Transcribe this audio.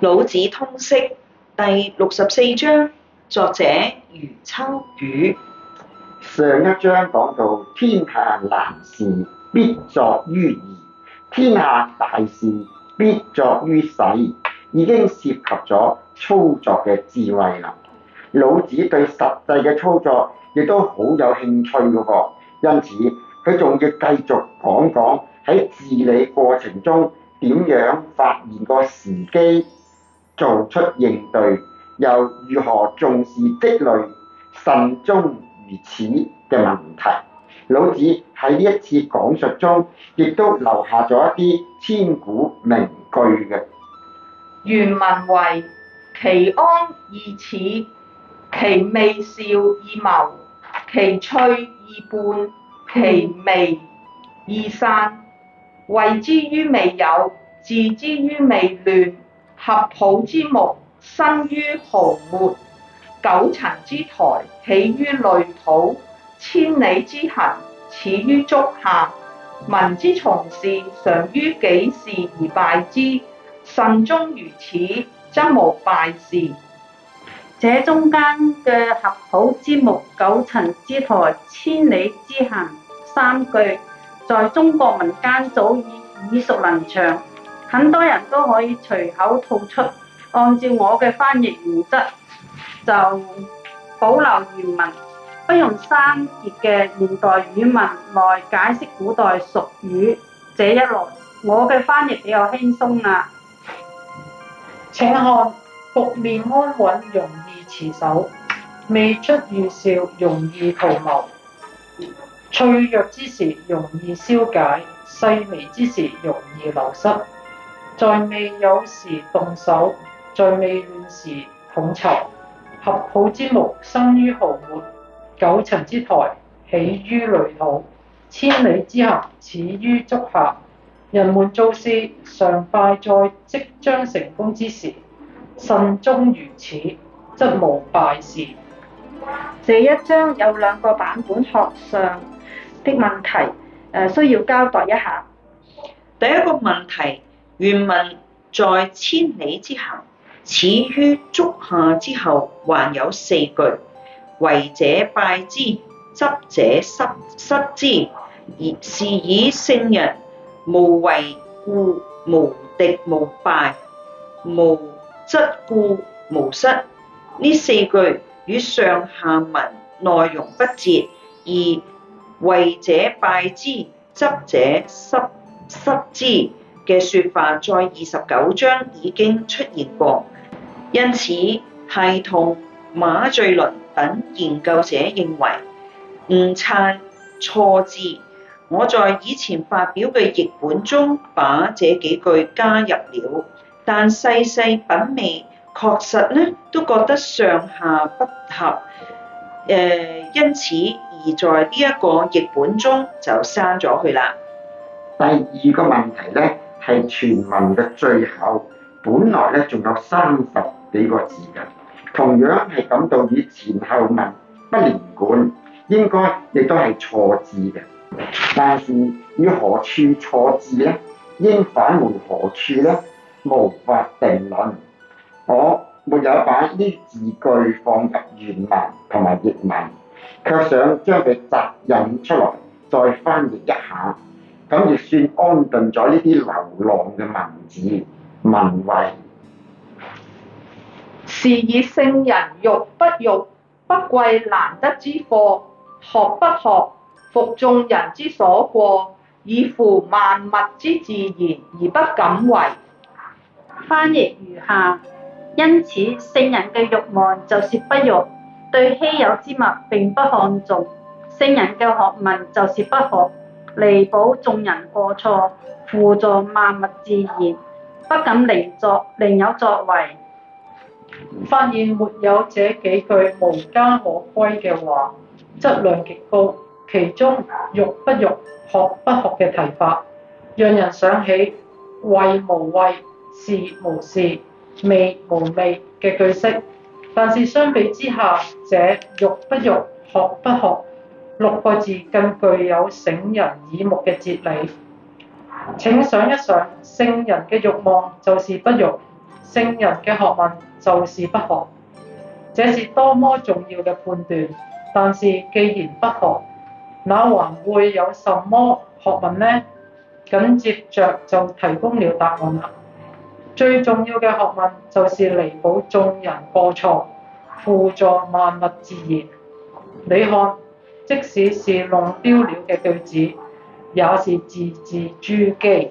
老子通釋第六十四章，作者余秋雨。上一章講到天下難事必作於易，天下大事必作於細，已經涉及咗操作嘅智慧啦。老子對實際嘅操作亦都好有興趣嘅噃，因此佢仲要繼續講講喺治理過程中點樣發現個時機。做出應對，又如何重視積累、慎終如始嘅問題？老子喺呢一次講述中，亦都留下咗一啲千古名句嘅。原文為：其安易持，其未兆易謀，其脆易泮，其微易散。為之於未有，治之於未亂。合抱之木，生於毫末；九層之台，起於累土；千里之行，始於足下。民之從事，常於己事而敗之。慎終如始，則無敗事。這中間嘅合抱之木、九層之台、千里之行三句，在中國民間早已耳熟能詳。很多人都可以隨口吐出，按照我嘅翻譯原則，就保留原文，不用生結嘅現代語文來解釋古代熟語。這一來，我嘅翻譯比較輕鬆啦。請看：局面安穩，容易持守；未出預兆，容易圖謀；脆弱之時，容易消解；細微之時，容易流失。在未有時動手，在未亂時統籌。合抱之木，生於毫末；九層之台，起於累土；千里之行，始於足下。人們做事，常敗在即將成功之時。慎終如此，則無敗事。這一章有兩個版本學上的問題，呃、需要交代一下。一呃、一下第一個問題。原文在千里之行，始於足下之後，還有四句：為者敗之，執者失失之。而是以聖人無為故無敵無敗，無執故無失。呢四句與上下文內容不接，而為者敗之，執者失失之。嘅説法在二十九章已經出現過，因此係同馬敘倫等研究者認為唔差錯字。我在以前發表嘅譯本中把這幾句加入了，但細細品味，確實呢都覺得上下不合。誒、呃，因此而在呢一個譯本中就刪咗佢啦。第二個問題呢。係全文嘅最後，本來咧仲有三十幾個字嘅，同樣係感到與前後文不連貫，應該亦都係錯字嘅。但是於何處錯字呢？應返回何處呢？無法定論。我沒有把呢字句放入原文同埋譯文，卻想將佢摘引出來，再翻譯一下。咁亦算安頓咗呢啲流浪嘅文字文慧。是以聖人欲不欲，不貴難得之貨；學不學，復眾人之所過，以輔萬物之自然，而不敢為。翻譯如下：因此，聖人嘅欲望就是不欲，對稀有之物並不看重；聖人嘅學問就是不學。彌補眾人過錯，輔助萬物自然，不敢另作，另有作為。發現沒有這幾句無家可歸嘅話，質量極高。其中欲不欲，學不學嘅提法，讓人想起為無為，事無事，味無味嘅句式。但是相比之下，這欲不欲，學不學。六個字更具有醒人耳目嘅哲理。請想一想，聖人嘅慾望就是不慾，聖人嘅學問就是不學，這是多麼重要嘅判斷。但是既然不學，那還會有什麼學問呢？緊接著就提供了答案啦。最重要嘅學問就是彌補眾人過錯，輔助萬物自然。你看。即使是弄丟了嘅句子，也是字字珠璣。